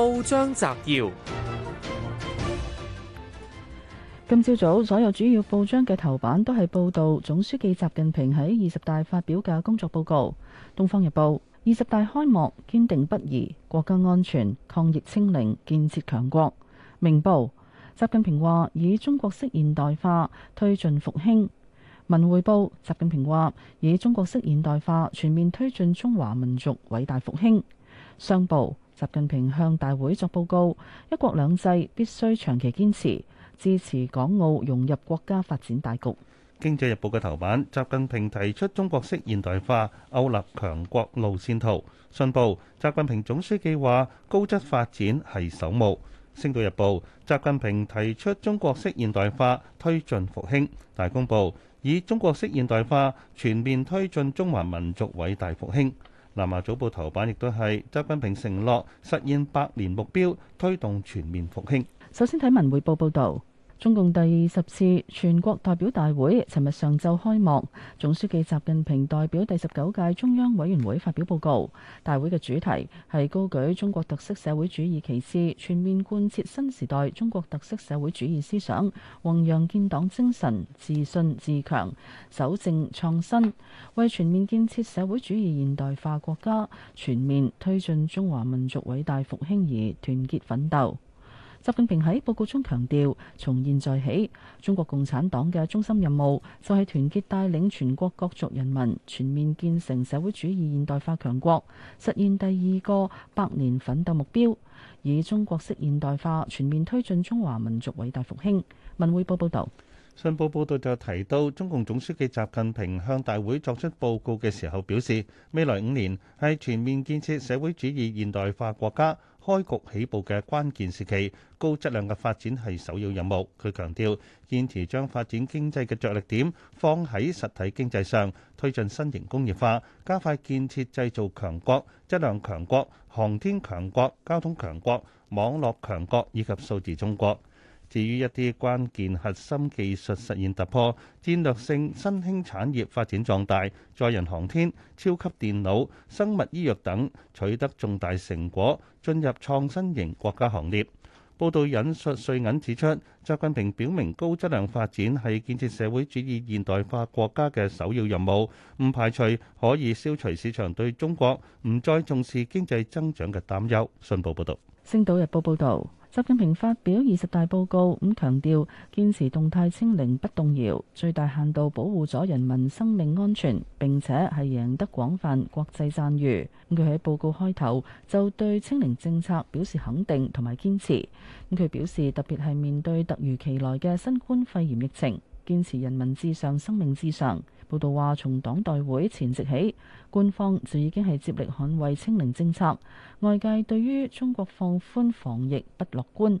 報章摘要：今朝早，早，所有主要報章嘅頭版都係報道總書記習近平喺二十大發表嘅工作報告。《東方日報》：二十大開幕，堅定不移國家安全，抗疫清零，建設強國。《明報》：習近平話以中國式現代化推進復興。《文匯報》：習近平話以中國式現代化全面推進中華民族偉大復興。《商報》。習近平向大會作報告，一國兩制必須長期堅持，支持港澳融入國家發展大局。經濟日報嘅頭版，習近平提出中國式現代化、歐立強國路線圖。信報，習近平總書記話，高質量發展係首務。星島日報，習近平提出中國式現代化推進復興。大公報，以中國式現代化全面推進中華民族偉大復興。南華早報頭版亦都係，習近平承諾實現百年目標，推動全面復興。首先睇文匯報報道。中共第二十次全國代表大會尋日上晝開幕，總書記習近平代表第十九屆中央委員會發表報告。大會嘅主題係高舉中國特色社會主義旗幟，全面貫徹新時代中國特色社會主義思想，弘揚建黨精神，自信自強，守正創新，為全面建設社會主義現代化國家、全面推進中華民族偉大復興而團結奮鬥。習近平喺報告中強調，從現在起，中國共產黨嘅中心任務就係團結帶領全國各族人民全面建成社會主義現代化強國，實現第二個百年奮鬥目標，以中國式現代化全面推進中華民族偉大復興。文匯報報道。新報報道就提到，中共總書記習近平向大會作出報告嘅時候表示，未來五年係全面建設社會主義現代化國家開局起步嘅關鍵時期，高質量嘅發展係首要任務。佢強調，堅持將發展經濟嘅着力點放喺實體經濟上，推進新型工業化，加快建設製造強國、質量強國、航天強國、交通強國、網絡強國以及數字中國。至於一啲關鍵核心技術實現突破、戰略性新興產業發展壯大、載人航天、超級電腦、生物醫藥等取得重大成果，進入創新型國家行列。報道引述瑞銀指出，習近平表明高質量發展係建設社會主義現代化國家嘅首要任務，唔排除可以消除市場對中國唔再重視經濟增長嘅擔憂。信報報導，《星島日報》報道。習近平發表二十大報告，咁強調堅持動態清零不動搖，最大限度保護咗人民生命安全，並且係贏得廣泛國際讚譽。佢喺報告開頭就對清零政策表示肯定同埋堅持。佢表示，特別係面對突如其來嘅新冠肺炎疫情，堅持人民至上、生命至上。報道話，從黨代會前夕起，官方就已經係接力捍衛清零政策。外界對於中國放寬防疫不樂觀。《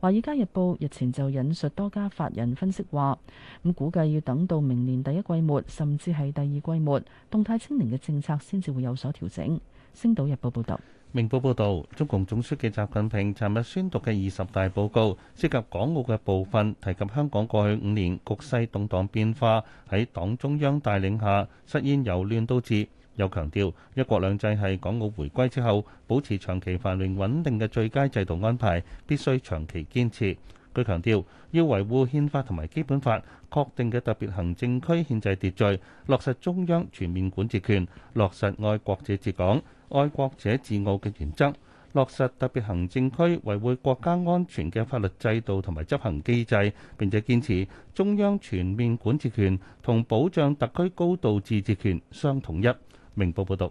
華爾街日報》日前就引述多家法人分析話，咁估計要等到明年第一季末，甚至係第二季末，動態清零嘅政策先至會有所調整。《星島日報》報道。明報報導，中共總書記習近平尋日宣讀嘅二十大報告，涉及港澳嘅部分提及香港過去五年局勢動盪變化，喺黨中央帶領下，實現由亂到治。又強調一國兩制係港澳回歸之後保持長期繁榮穩定嘅最佳制度安排，必須長期堅持。佢強調要維護憲法同埋基本法確定嘅特別行政區憲制秩序，落實中央全面管治權，落實愛國者治港、愛國者治澳嘅原則，落實特別行政區維護國家安全嘅法律制度同埋執行機制，並且堅持中央全面管治權同保障特區高度自治權相統一。明報報道。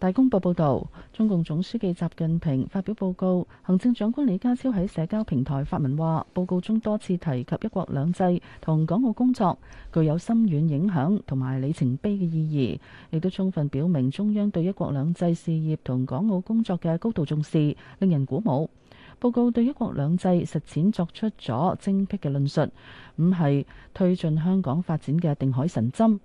大公報報導，中共總書記習近平發表報告，行政長官李家超喺社交平台發文話，報告中多次提及一國兩制同港澳工作具有深遠影響同埋里程碑嘅意義，亦都充分表明中央對一國兩制事業同港澳工作嘅高度重視，令人鼓舞。報告對一國兩制實踐作出咗精闢嘅論述，五係推進香港發展嘅定海神針。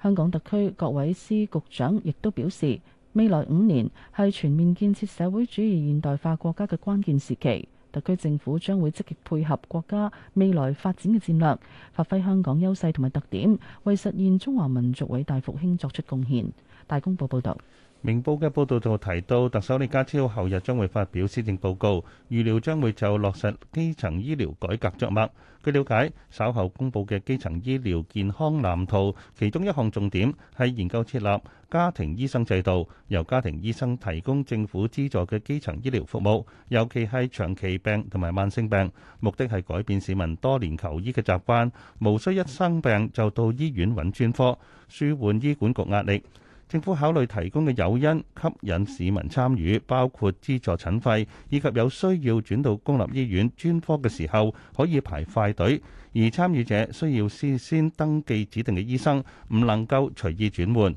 香港特區各位司局長亦都表示。未來五年係全面建設社會主義現代化國家嘅關鍵時期，特區政府將會積極配合國家未來發展嘅戰略，發揮香港優勢同埋特點，為實現中華民族偉大復興作出貢獻。大公報報道。明報嘅報道就提到特首李家超後日將會發表施政報告，預料將會就落實基層醫療改革着墨。據了解，稍後公布嘅基層醫療健康藍圖，其中一項重點係研究設立家庭醫生制度，由家庭醫生提供政府資助嘅基層醫療服務，尤其係長期病同埋慢性病。目的係改變市民多年求醫嘅習慣，無需一生病就到醫院揾專科舒緩醫管局壓力。政府考慮提供嘅誘因吸引市民參與，包括資助診費，以及有需要轉到公立醫院專科嘅時候可以排快隊。而參與者需要事先登記指定嘅醫生，唔能夠隨意轉換。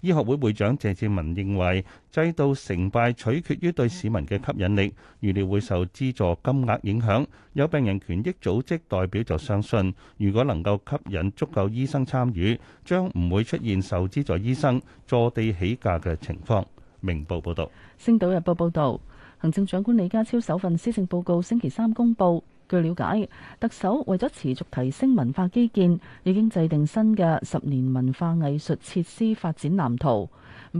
醫學會會長謝志文認為制度成敗取決於對市民嘅吸引力，預料會受資助金額影響。有病人權益組織代表就相信，如果能夠吸引足夠醫生參與，將唔會出現受資助醫生坐地起價嘅情況。明報報道。《星島日報》報道，行政長官李家超首份施政報告星期三公佈。據了解，特首為咗持續提升文化基建，已經制定新嘅十年文化藝術設施發展藍圖。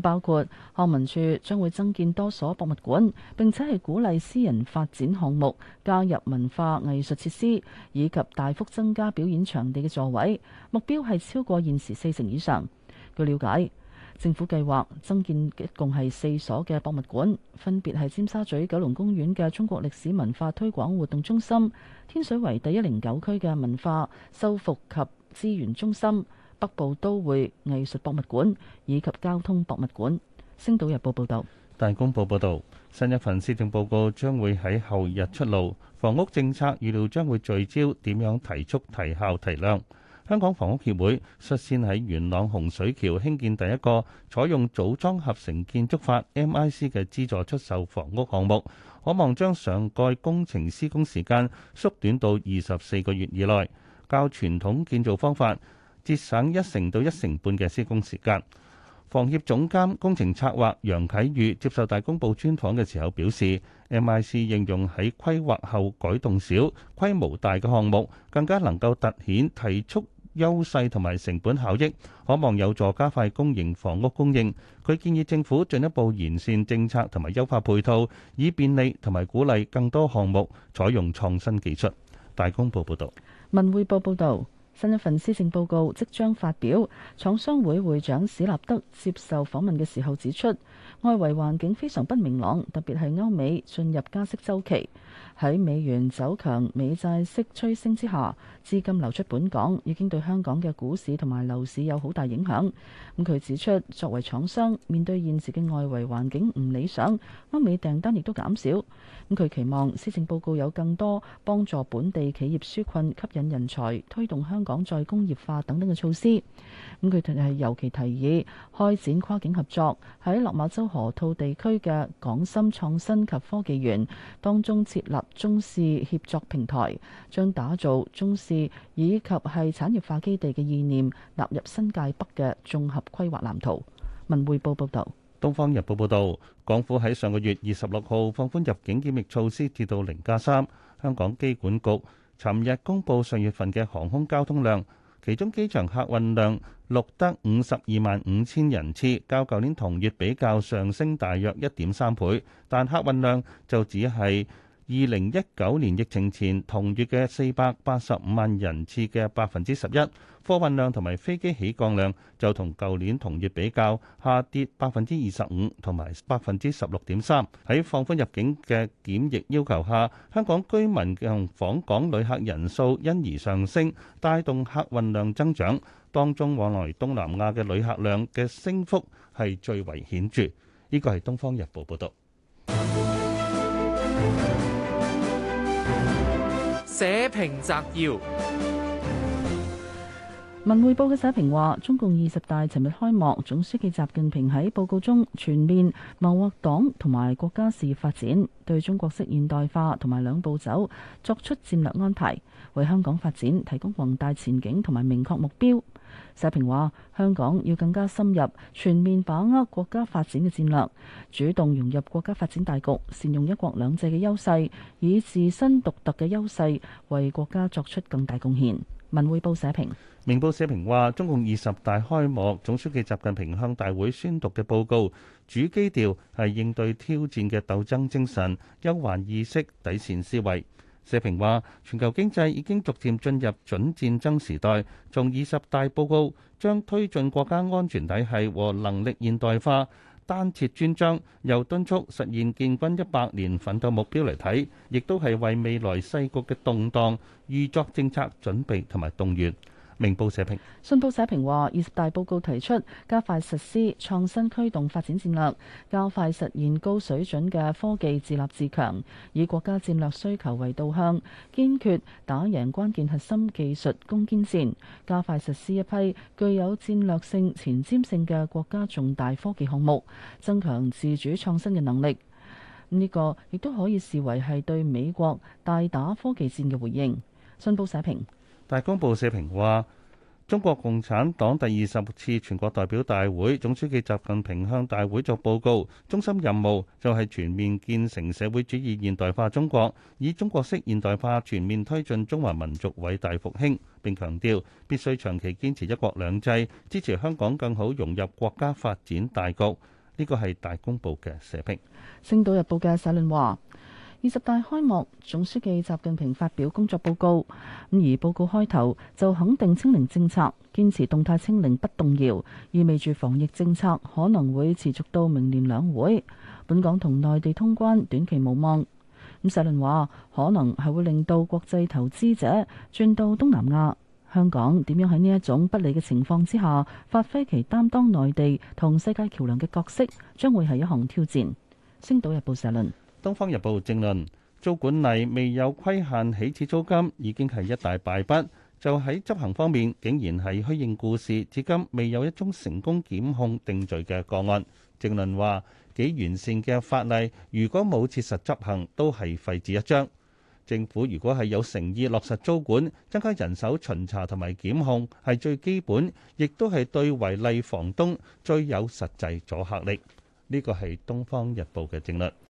包括康文處將會增建多所博物館，並且係鼓勵私人發展項目加入文化藝術設施，以及大幅增加表演場地嘅座位，目標係超過現時四成以上。據了解。政府計劃增建一共係四所嘅博物館，分別係尖沙咀九龍公園嘅中國歷史文化推廣活動中心、天水圍第一零九區嘅文化修復及資源中心、北部都會藝術博物館以及交通博物館。星島日報報道。大公報報道，新一份施政報告將會喺後日出爐，房屋政策預料將會聚焦點樣提速、提效、提量。香港房屋協會率先喺元朗洪水橋興建第一個採用組裝合成建築法 （MiC） 嘅資助出售房屋項目，可望將上蓋工程施工時間縮短到二十四個月以內，較傳統建造方法節省一成到一成半嘅施工時間。房協總監工程策劃楊啟宇接受大公報專訪嘅時候表示，MiC 應用喺規劃後改動少、規模大嘅項目，更加能夠突顯提速優勢同埋成本效益，可望有助加快公營房屋供應。佢建議政府進一步完善政策同埋優化配套，以便利同埋鼓勵更多項目採用創新技術。大公報報道，文匯報報道，新一份施政報告即將發表。廠商會會長史立德接受訪問嘅時候指出，外圍環境非常不明朗，特別係歐美進入加息週期。喺美元走強美債息趨升之下，資金流出本港已經對香港嘅股市同埋樓市有好大影響，咁佢指出，作為廠商，面對現時嘅外圍環境唔理想，歐美訂單亦都減少。咁佢期望施政報告有更多幫助本地企業紓困、吸引人才、推動香港再工業化等等嘅措施。咁佢係尤其提議開展跨境合作，喺落馬洲河套地區嘅港深創新及科技園當中設立。中試協作平台將打造中試以及係產業化基地嘅意念納入新界北嘅綜合規劃藍圖。文匯報報導，《東方日報》報導，港府喺上個月二十六號放寬入境檢疫措施，至到零加三。香港機管局尋日公佈上月份嘅航空交通量，其中機場客運量錄得五十二萬五千人次，較舊年同月比較上升大約一點三倍，但客運量就只係。二零一九年疫情前同月嘅四百八十五萬人次嘅百分之十一，貨運量同埋飛機起降量就同舊年同月比較下跌百分之二十五同埋百分之十六點三。喺放寬入境嘅檢疫要求下，香港居民嘅訪港旅客人數因而上升，帶動客運量增長。當中往來東南亞嘅旅客量嘅升幅係最為顯著。呢、這個係東方日報報道。 報章摘要。文匯報嘅社評話，中共二十大尋日開幕，總書記習近平喺報告中全面謀劃黨同埋國家事業發展，對中國式現代化同埋兩步走作出戰略安排，為香港發展提供宏大前景同埋明確目標。社評話，香港要更加深入全面把握國家發展嘅戰略，主動融入國家發展大局，善用一國兩制嘅優勢，以自身獨特嘅優勢為國家作出更大貢獻。文匯報社評。明報社評話，中共二十大開幕，總書記習近平向大會宣讀嘅報告主基調係應對挑戰嘅鬥爭精神、憂患意識、底線思維。社評話，全球經濟已經逐漸進入準戰爭時代，從二十大報告將推進國家安全體系和能力現代化單設專章，又敦促實現建軍一百年奮鬥目標嚟睇，亦都係為未來世局嘅動盪預作政策準備同埋動員。明報社評，信報社評話二十大報告提出加快實施創新驅動發展戰略，加快實現高水準嘅科技自立自強，以國家戰略需求為導向，堅決打贏關鍵核心技術攻堅戰，加快實施一批具有戰略性前瞻性嘅國家重大科技項目，增強自主創新嘅能力。呢、這個亦都可以視為係對美國大打科技戰嘅回應，信報社評。大公報社評話，中國共產黨第二十次全國代表大會，總書記習近平向大會作報告，中心任務就係全面建成社會主義現代化中國，以中國式現代化全面推進中華民族偉大復興，並強調必須長期堅持一國兩制，支持香港更好融入國家發展大局。呢個係大公報嘅社評。星島日報嘅社論話。二十大開幕，總書記習近平發表工作報告。咁而報告開頭就肯定清零政策，堅持動態清零不動搖，意味住防疫政策可能會持續到明年兩會。本港同內地通關短期無望。咁社論話：可能係會令到國際投資者轉到東南亞。香港點樣喺呢一種不利嘅情況之下，發揮其擔當內地同世界橋梁嘅角色，將會係一項挑戰。星島日報社論。《東方日報》正論：租管例未有規限起始租金，已經係一大敗筆。就喺執行方面，竟然係虛應故事，至今未有一宗成功檢控定罪嘅個案。正論話幾完善嘅法例，如果冇切實執行，都係廢紙一張。政府如果係有誠意落實租管，增加人手巡查同埋檢控，係最基本，亦都係對違例房東最有實際阻嚇力。呢個係《東方日報》嘅正論。